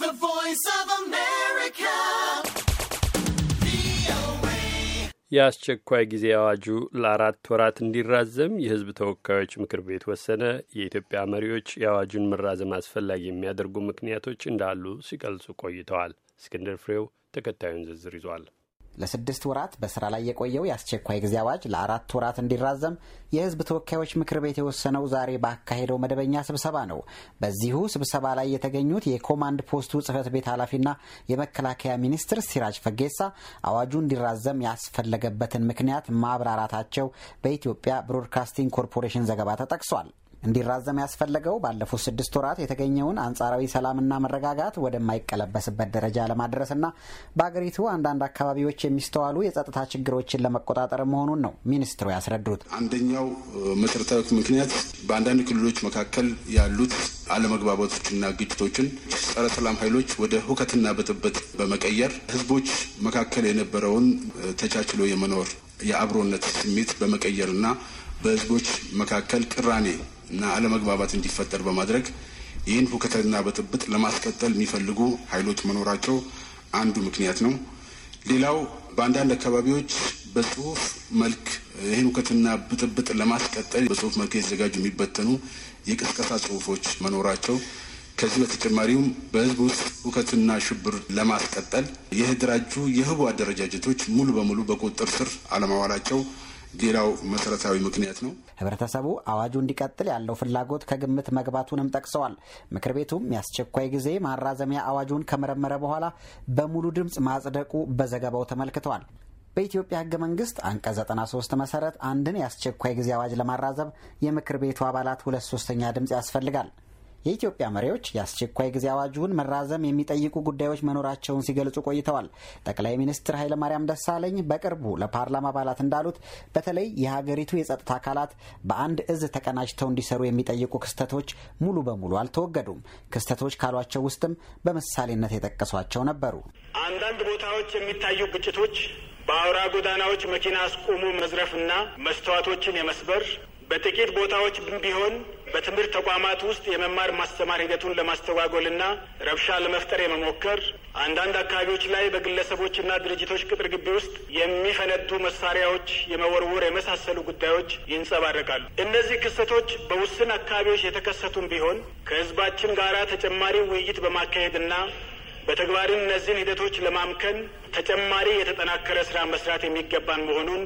The Voice of America. የአስቸኳይ ጊዜ አዋጁ ለአራት ወራት እንዲራዘም የሕዝብ ተወካዮች ምክር ቤት ወሰነ። የኢትዮጵያ መሪዎች የአዋጁን መራዘም አስፈላጊ የሚያደርጉ ምክንያቶች እንዳሉ ሲቀልጹ ቆይተዋል። እስክንድር ፍሬው ተከታዩን ዝርዝር ይዟል። ለስድስት ወራት በስራ ላይ የቆየው የአስቸኳይ ጊዜ አዋጅ ለአራት ወራት እንዲራዘም የህዝብ ተወካዮች ምክር ቤት የወሰነው ዛሬ ባካሄደው መደበኛ ስብሰባ ነው። በዚሁ ስብሰባ ላይ የተገኙት የኮማንድ ፖስቱ ጽህፈት ቤት ኃላፊና የመከላከያ ሚኒስትር ሲራጅ ፈጌሳ አዋጁ እንዲራዘም ያስፈለገበትን ምክንያት ማብራራታቸው በኢትዮጵያ ብሮድካስቲንግ ኮርፖሬሽን ዘገባ ተጠቅሷል። እንዲራዘም ያስፈለገው ባለፉት ስድስት ወራት የተገኘውን አንጻራዊ ሰላምና መረጋጋት ወደማይቀለበስበት ደረጃ ለማድረስና በአገሪቱ አንዳንድ አካባቢዎች የሚስተዋሉ የጸጥታ ችግሮችን ለመቆጣጠር መሆኑን ነው ሚኒስትሩ ያስረዱት። አንደኛው መሰረታዊ ምክንያት በአንዳንድ ክልሎች መካከል ያሉት አለመግባባቶችና ግጭቶችን ጸረ ሰላም ኃይሎች ወደ ሁከትና ብጥብጥ በመቀየር ህዝቦች መካከል የነበረውን ተቻችሎ የመኖር የአብሮነት ስሜት በመቀየርና በህዝቦች መካከል ቅራኔ እና አለመግባባት እንዲፈጠር በማድረግ ይህን ሁከትና ብጥብጥ ለማስቀጠል የሚፈልጉ ኃይሎች መኖራቸው አንዱ ምክንያት ነው። ሌላው በአንዳንድ አካባቢዎች በጽሁፍ መልክ ይህን ሁከትና ብጥብጥ ለማስቀጠል በጽሁፍ መልክ የተዘጋጁ የሚበተኑ የቅስቀሳ ጽሁፎች መኖራቸው፣ ከዚህ በተጨማሪውም በህዝብ ውስጥ ሁከትና ሽብር ለማስቀጠል የህድራጁ የህቡ አደረጃጀቶች ሙሉ በሙሉ በቁጥጥር ስር አለማዋላቸው ሌላው መሰረታዊ ምክንያት ነው። ህብረተሰቡ አዋጁ እንዲቀጥል ያለው ፍላጎት ከግምት መግባቱንም ጠቅሰዋል። ምክር ቤቱም የአስቸኳይ ጊዜ ማራዘሚያ አዋጁን ከመረመረ በኋላ በሙሉ ድምፅ ማጽደቁ በዘገባው ተመልክተዋል። በኢትዮጵያ ህገ መንግስት አንቀጽ 93 መሰረት አንድን የአስቸኳይ ጊዜ አዋጅ ለማራዘም የምክር ቤቱ አባላት ሁለት ሶስተኛ ድምፅ ያስፈልጋል። የኢትዮጵያ መሪዎች የአስቸኳይ ጊዜ አዋጁን መራዘም የሚጠይቁ ጉዳዮች መኖራቸውን ሲገልጹ ቆይተዋል። ጠቅላይ ሚኒስትር ኃይለማርያም ደሳለኝ በቅርቡ ለፓርላማ አባላት እንዳሉት በተለይ የሀገሪቱ የጸጥታ አካላት በአንድ እዝ ተቀናጅተው እንዲሰሩ የሚጠይቁ ክስተቶች ሙሉ በሙሉ አልተወገዱም። ክስተቶች ካሏቸው ውስጥም በምሳሌነት የጠቀሷቸው ነበሩ። አንዳንድ ቦታዎች የሚታዩ ግጭቶች በአውራ ጎዳናዎች መኪና አስቆሞ መዝረፍና መስተዋቶችን የመስበር በጥቂት ቦታዎች ቢሆን በትምህርት ተቋማት ውስጥ የመማር ማስተማር ሂደቱን ለማስተጓጎልና ረብሻ ለመፍጠር የመሞከር አንዳንድ አካባቢዎች ላይ በግለሰቦችና ድርጅቶች ቅጥር ግቢ ውስጥ የሚፈነዱ መሳሪያዎች የመወርወር የመሳሰሉ ጉዳዮች ይንጸባረቃሉ። እነዚህ ክስተቶች በውስን አካባቢዎች የተከሰቱም ቢሆን ከህዝባችን ጋራ ተጨማሪ ውይይት በማካሄድና በተግባርም እነዚህን ሂደቶች ለማምከን ተጨማሪ የተጠናከረ ስራ መስራት የሚገባን መሆኑን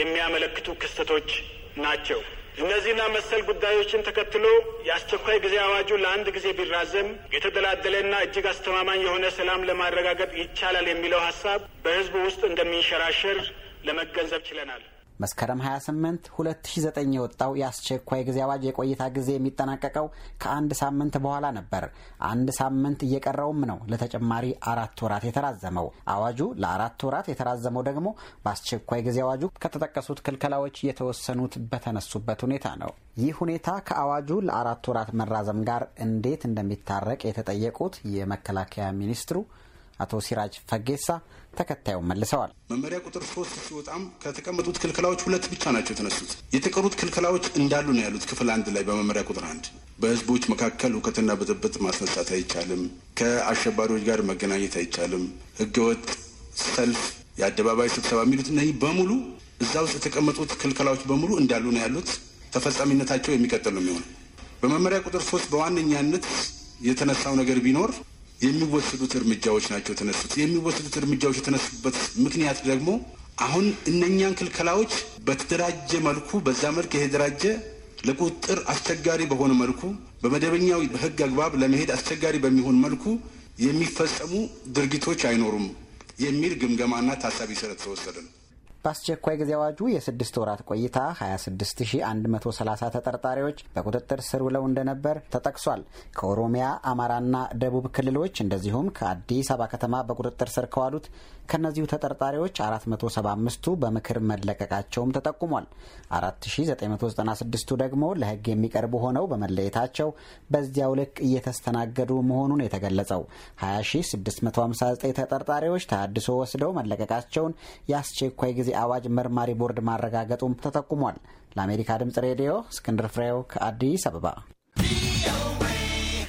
የሚያመለክቱ ክስተቶች ናቸው። እነዚህና መሰል ጉዳዮችን ተከትሎ የአስቸኳይ ጊዜ አዋጁ ለአንድ ጊዜ ቢራዘም የተደላደለና እጅግ አስተማማኝ የሆነ ሰላም ለማረጋገጥ ይቻላል የሚለው ሀሳብ በህዝቡ ውስጥ እንደሚንሸራሸር ለመገንዘብ ችለናል። መስከረም 28 2009 የወጣው የአስቸኳይ ጊዜ አዋጅ የቆይታ ጊዜ የሚጠናቀቀው ከአንድ ሳምንት በኋላ ነበር። አንድ ሳምንት እየቀረውም ነው ለተጨማሪ አራት ወራት የተራዘመው። አዋጁ ለአራት ወራት የተራዘመው ደግሞ በአስቸኳይ ጊዜ አዋጁ ከተጠቀሱት ክልከላዎች የተወሰኑት በተነሱበት ሁኔታ ነው። ይህ ሁኔታ ከአዋጁ ለአራት ወራት መራዘም ጋር እንዴት እንደሚታረቅ የተጠየቁት የመከላከያ ሚኒስትሩ አቶ ሲራጅ ፈጌሳ ተከታዩን መልሰዋል። መመሪያ ቁጥር ሶስት ሲወጣም ከተቀመጡት ክልከላዎች ሁለት ብቻ ናቸው የተነሱት። የተቀሩት ክልከላዎች እንዳሉ ነው ያሉት። ክፍል አንድ ላይ በመመሪያ ቁጥር አንድ በህዝቦች መካከል እውከትና ብጥብጥ ማስነሳት አይቻልም፣ ከአሸባሪዎች ጋር መገናኘት አይቻልም፣ ህገወጥ ሰልፍ፣ የአደባባይ ስብሰባ የሚሉት እነዚህ በሙሉ እዛ ውስጥ የተቀመጡት ክልከላዎች በሙሉ እንዳሉ ነው ያሉት። ተፈጻሚነታቸው የሚቀጥል ነው የሚሆነው። በመመሪያ ቁጥር ሶስት በዋነኛነት የተነሳው ነገር ቢኖር የሚወሰዱት እርምጃዎች ናቸው የተነሱት። የሚወሰዱት እርምጃዎች የተነሱበት ምክንያት ደግሞ አሁን እነኛን ክልከላዎች በተደራጀ መልኩ በዛ መልክ የተደራጀ ለቁጥጥር አስቸጋሪ በሆነ መልኩ በመደበኛው በህግ አግባብ ለመሄድ አስቸጋሪ በሚሆን መልኩ የሚፈጸሙ ድርጊቶች አይኖሩም የሚል ግምገማና ታሳቢ ስለተወሰደ ነው። በአስቸኳይ ጊዜ አዋጁ የስድስት ወራት ቆይታ 26130 ተጠርጣሪዎች በቁጥጥር ስር ውለው እንደነበር ተጠቅሷል። ከኦሮሚያ አማራና ደቡብ ክልሎች እንደዚሁም ከአዲስ አበባ ከተማ በቁጥጥር ስር ከዋሉት ከእነዚሁ ተጠርጣሪዎች 475ቱ በምክር መለቀቃቸውም ተጠቁሟል። 4996ቱ ደግሞ ለሕግ የሚቀርቡ ሆነው በመለየታቸው በዚያው ልክ እየተስተናገዱ መሆኑን የተገለጸው 20659 ተጠርጣሪዎች ተሃድሶ ወስደው መለቀቃቸውን የአስቸኳይ ጊዜ የዚህ አዋጅ መርማሪ ቦርድ ማረጋገጡም ተጠቁሟል። ለአሜሪካ ድምጽ ሬዲዮ እስክንድር ፍሬው ከአዲስ አበባ